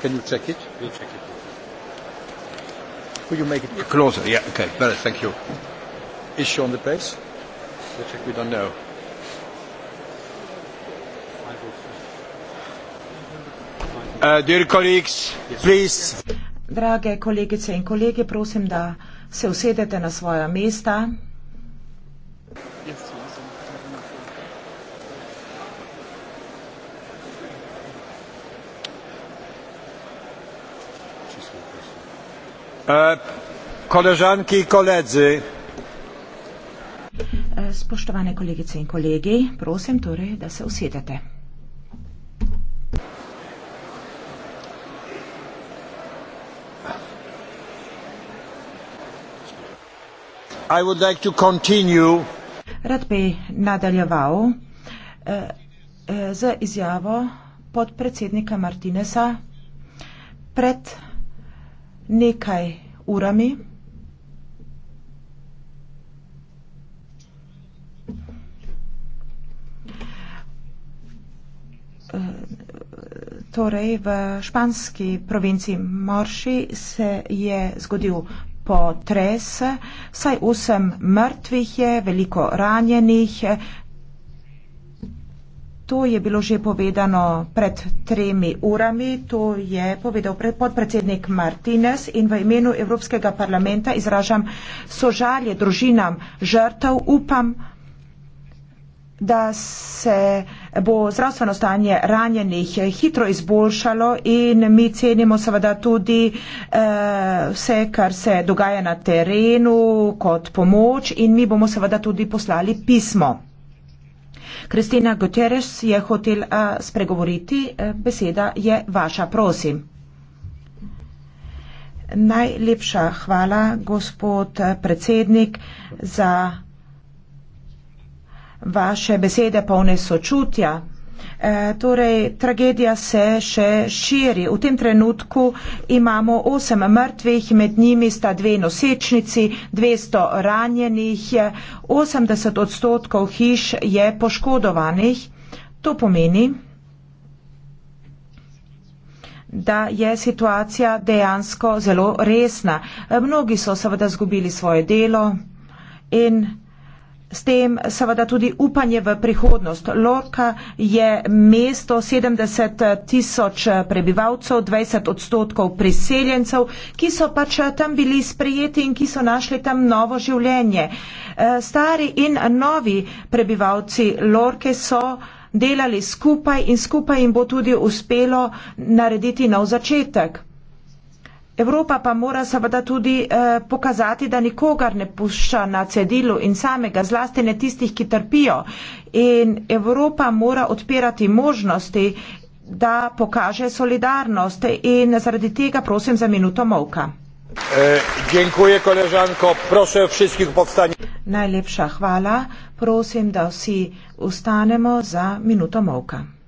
Can you check it? We'll check it. Will you make it closer? Yeah, okay, better, thank you. Is she on the place? We'll check, we don't know. Uh, Drage kolegice in kolege, prosim, da se usedete na svoja mesta. E, koleżanki i koledzy. E, spoštovane kolegice in kolegi, prosim torej, da se usedete. Rad bi nadaljeval e, z izjavo podpredsednika Martinesa pred nekaj urami. Torej, v španski provinci Morši se je zgodil potres, saj osem mrtvih je, veliko ranjenih, To je bilo že povedano pred tremi urami, to je povedal podpredsednik Martinez in v imenu Evropskega parlamenta izražam sožalje družinam žrtev. Upam, da se bo zdravstveno stanje ranjenih hitro izboljšalo in mi cenimo seveda tudi eh, vse, kar se dogaja na terenu kot pomoč in mi bomo seveda tudi poslali pismo. Kristina Guterres je hotel eh, spregovoriti, eh, beseda je vaša, prosim. Najlepša hvala, gospod eh, predsednik, za vaše besede polne sočutja E, torej tragedija se še širi. V tem trenutku imamo osem mrtvih, med njimi sta dve nosečnici, 200 ranjenih, 80 odstotkov hiš je poškodovanih. To pomeni, da je situacija dejansko zelo resna. E, mnogi so seveda zgubili svoje delo in S tem seveda tudi upanje v prihodnost. Lorka je mesto 70 tisoč prebivalcev, 20 odstotkov priseljencev, ki so pač tam bili sprejeti in ki so našli tam novo življenje. E, stari in novi prebivalci Lorke so delali skupaj in skupaj jim bo tudi uspelo narediti nov začetek. Evropa pa mora seveda tudi eh, pokazati, da nikogar ne pušča na cedilu in samega, zlasti ne tistih, ki trpijo. In Evropa mora odpirati možnosti, da pokaže solidarnost in zaradi tega prosim za minuto molka. E, koležanko, Najlepša hvala, prosim, da vsi ustanemo za minuto molka.